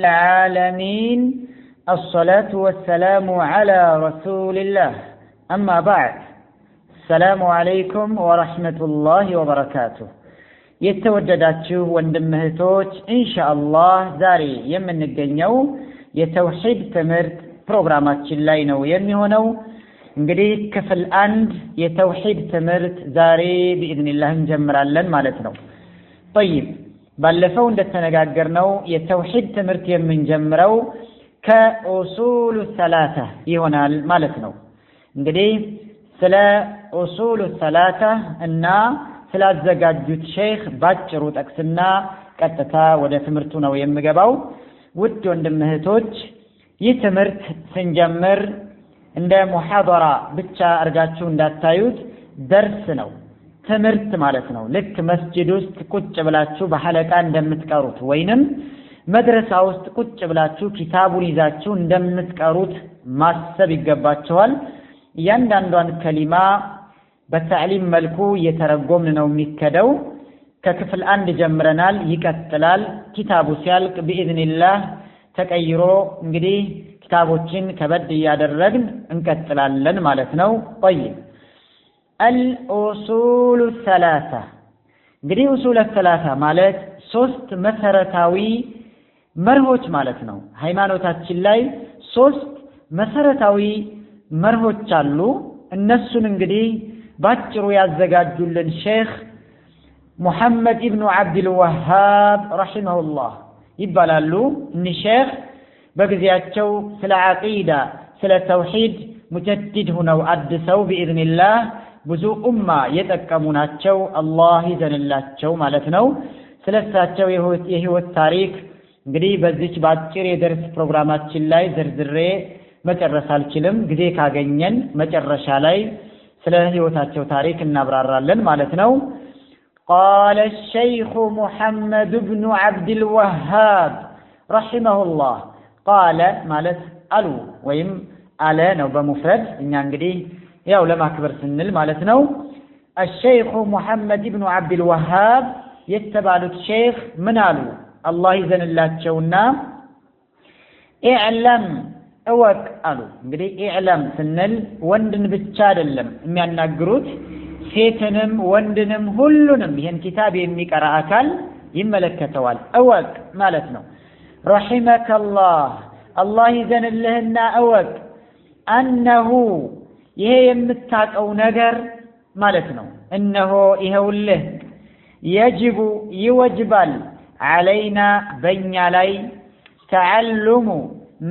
العالمين الصلاة والسلام على رسول الله أما بعد السلام عليكم ورحمة الله وبركاته يتوجدات شو واندمهتوت إن شاء الله زاري يمن الجنيو يتوحيد تمرد بروغرامات شلين ويمي هونو انقريك كفل أند يتوحيد تمرد زاري بإذن الله نجمر لن مالتنو طيب ባለፈው እንደተነጋገርነው የተውሂድ ትምህርት የምንጀምረው ከኡሱሉ ሰላሳ ይሆናል ማለት ነው። እንግዲህ ስለ ኡሱሉ ሰላሳ እና ስላዘጋጁት ሼህ ባጭሩ ጠቅስና ቀጥታ ወደ ትምህርቱ ነው የምገባው። ውድ ወንድም እህቶች ይህ ትምህርት ስንጀምር እንደ ሙሐደራ ብቻ አድርጋችሁ እንዳታዩት፣ ደርስ ነው ትምህርት ማለት ነው። ልክ መስጅድ ውስጥ ቁጭ ብላችሁ በሐለቃ እንደምትቀሩት ወይንም መድረሳ ውስጥ ቁጭ ብላችሁ ኪታቡን ይዛችሁ እንደምትቀሩት ማሰብ ይገባችኋል። እያንዳንዷን ከሊማ በታዕሊም መልኩ እየተረጎምን ነው የሚከደው። ከክፍል አንድ ጀምረናል፣ ይቀጥላል። ኪታቡ ሲያልቅ ቢኢዝኒላህ ተቀይሮ እንግዲህ ኪታቦችን ከበድ እያደረግን እንቀጥላለን ማለት ነው። ጠይብ አልኡሱሉ ሰላሳ እንግዲህ ኡሱለ ሰላሳ ማለት ሶስት መሰረታዊ መርሆች ማለት ነው። ሃይማኖታችን ላይ ሶስት መሰረታዊ መርሆች አሉ። እነሱን እንግዲህ ባጭሩ ያዘጋጁልን ሼህ ሙሐመድ ኢብኑ አብድልዋሃብ ረሒመሁላህ ይባላሉ። እኒህ ሼክ በጊዜያቸው ስለ ዓቂዳ ስለ ተውሒድ ሙጀዲድ ሁነው አድሰው ቢኢዝኒላህ ብዙ ኡማ የጠቀሙ ናቸው። አላህ ይዘንላቸው ማለት ነው። ስለሳቸው የህይወት ታሪክ እንግዲህ በዚች በአጭር የደርስ ፕሮግራማችን ላይ ዝርዝሬ መጨረስ አልችልም። ጊዜ ካገኘን መጨረሻ ላይ ስለ ህይወታቸው ታሪክ እናብራራለን ማለት ነው። ቃለ ሸይኹ ሙሐመድ ብኑ ዐብድልወሃብ ረሒመሁላህ ቃለ ማለት አሉ ወይም አለ ነው በሙፍረድ እኛ እንግዲህ ያው ለማክበር ስንል ማለት ነው። አሸይኹ ሙሐመድ ኢብኑ ብኑ ወሃብ የተባሉት ሼይኽ ምን አሉ? አላህ ይዘንላቸውና ኢዕለም እወቅ አሉ። እንግዲህ ኢዕለም ስንል ወንድን ብቻ አይደለም የሚያናግሩት ሴትንም፣ ወንድንም፣ ሁሉንም ይህን ኪታብ የሚቀራ አካል ይመለከተዋል። እወቅ ማለት ነው። ረሒመከላህ አላህ ይዘንልህና እወቅ አነሁ ይሄ የምታውቀው ነገር ማለት ነው። እነሆ ይኸውልህ፣ የጅቡ ይወጅባል፣ አለይና በእኛ ላይ ተዓልሙ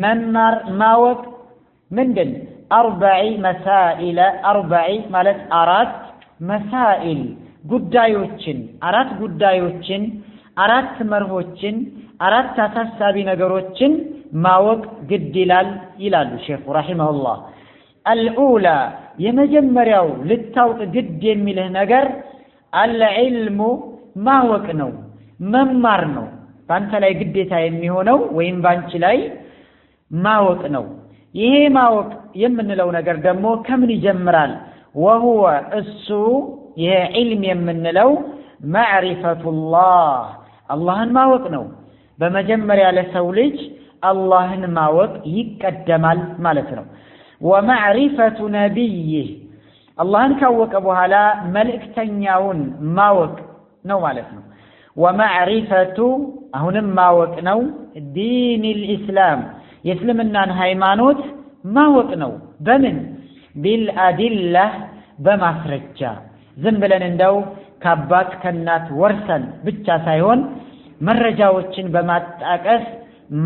መማር ማወቅ ምንድን አርባዒ መሳኢለ አርባዒ ማለት አራት መሳኢል ጉዳዮችን አራት ጉዳዮችን አራት መርሆችን አራት አሳሳቢ ነገሮችን ማወቅ ግድ ይላል ይላሉ ሼኹ ረሒመሁላህ አልዑላ የመጀመሪያው ልታውቅ ግድ የሚልህ ነገር አልዕልሙ ማወቅ ነው፣ መማር ነው። በአንተ ላይ ግዴታ የሚሆነው ወይም በአንቺ ላይ ማወቅ ነው። ይሄ ማወቅ የምንለው ነገር ደግሞ ከምን ይጀምራል? ወሁወ እሱ ይሄ ዒልም የምንለው ማዕሪፈቱላህ አላህን ማወቅ ነው። በመጀመሪያ ለሰው ልጅ አላህን ማወቅ ይቀደማል ማለት ነው። ወማዕሪፈቱ ነቢይህ አላህን ካወቀ በኋላ መልእክተኛውን ማወቅ ነው ማለት ነው። ወማዕሪፈቱ አሁንም ማወቅ ነው። ዲን ልእስላም የእስልምናን ሃይማኖት ማወቅ ነው። በምን ቢልአዲላህ በማስረጃ ዝም ብለን እንደው ከአባት ከእናት ወርሰን ብቻ ሳይሆን መረጃዎችን በማጣቀስ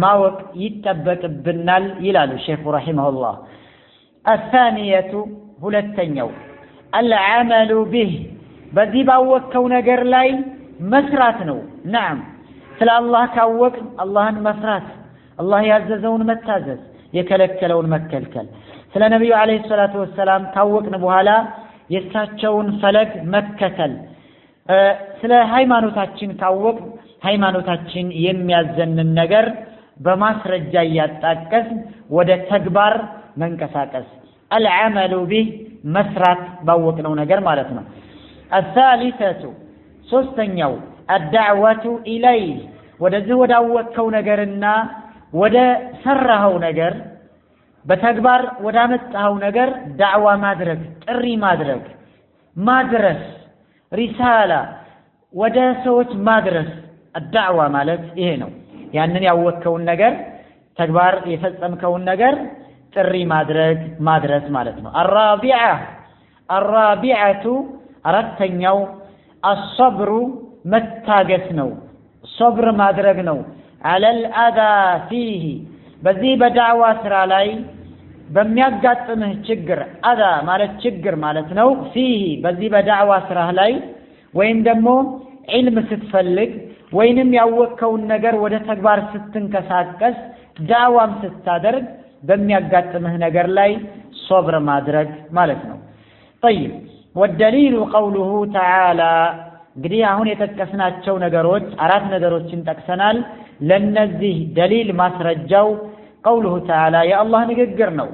ማወቅ ይጠበቅብናል ይላሉ ሼኹ ረሒመሁላህ። አታንየቱ ሁለተኛው አልዓመሉ ቢህ በዚህ ባወቅከው ነገር ላይ መስራት ነው። ናም ስለ አላህ ካወቅ አላህን መፍራት አላህ ያዘዘውን መታዘዝ፣ የከለከለውን መከልከል። ስለ ነቢዩ ዓለይሂ ሰላቱ ወሰላም ካወቅን በኋላ የእሳቸውን ፈለግ መከተል። ስለ ሃይማኖታችን ካወቅ ሃይማኖታችን የሚያዘንን ነገር በማስረጃ እያጣቀስ ወደ ተግባር መንቀሳቀስ አልዓመሉ ቢህ መስራት ባወቅነው ነገር ማለት ነው አሳሊሰቱ ሶስተኛው አዳዕዋቱ ኢለይህ ወደዚህ ወዳወቅከው ነገርና ወደ ሰራኸው ነገር በተግባር ወዳመጣኸው ነገር ዳዕዋ ማድረግ ጥሪ ማድረግ ማድረስ ሪሳላ ወደ ሰዎች ማድረስ አዳዕዋ ማለት ይሄ ነው ያንን ያወቅከውን ነገር ተግባር የፈጸምከውን ነገር ጥሪ ማድረግ ማድረስ ማለት ነው። አራቢዓ አራቢዓቱ አራተኛው አሰብሩ መታገስ ነው። ሶብር ማድረግ ነው። አለል አዳ ፊህ በዚህ በዳዕዋ ስራ ላይ በሚያጋጥምህ ችግር አዳ ማለት ችግር ማለት ነው። ፊህ በዚህ በዳዕዋ ስራ ላይ ወይም ደግሞ ዒልም ስትፈልግ ወይንም ያወቅከውን ነገር ወደ ተግባር ስትንቀሳቀስ ዳዕዋም ስታደርግ በሚያጋጥምህ ነገር ላይ ሶብር ማድረግ ማለት ነው። ጠይብ ወደሊሉ ቀውሉሁ ተዓላ እንግዲህ አሁን የጠቀስናቸው ነገሮች አራት ነገሮችን ጠቅሰናል። ለነዚህ ደሊል ማስረጃው ቀውሉሁ ተዓላ የአላህ ንግግር ነው።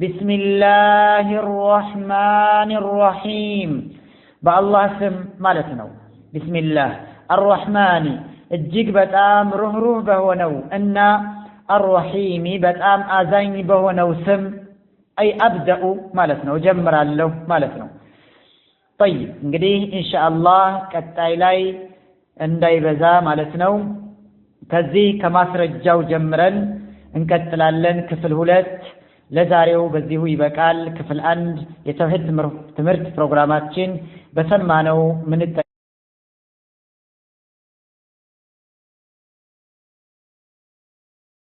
ቢስሚላህ አራሕማን አራሒም በአላህ ስም ማለት ነው። ቢስሚላህ አራሕማን እጅግ በጣም ሩህሩህ በሆነው እና አርረሂሚ በጣም አዛኝ በሆነው ስም አይ አብደኡ ማለት ነው እጀምራለሁ ማለት ነው። ጠይብ እንግዲህ ኢንሻአላህ ቀጣይ ላይ እንዳይበዛ ማለት ነው ከዚህ ከማስረጃው ጀምረን እንቀጥላለን። ክፍል ሁለት ለዛሬው በዚሁ ይበቃል። ክፍል አንድ የተውሂድ ትምህርት ፕሮግራማችን በሰማነው ምን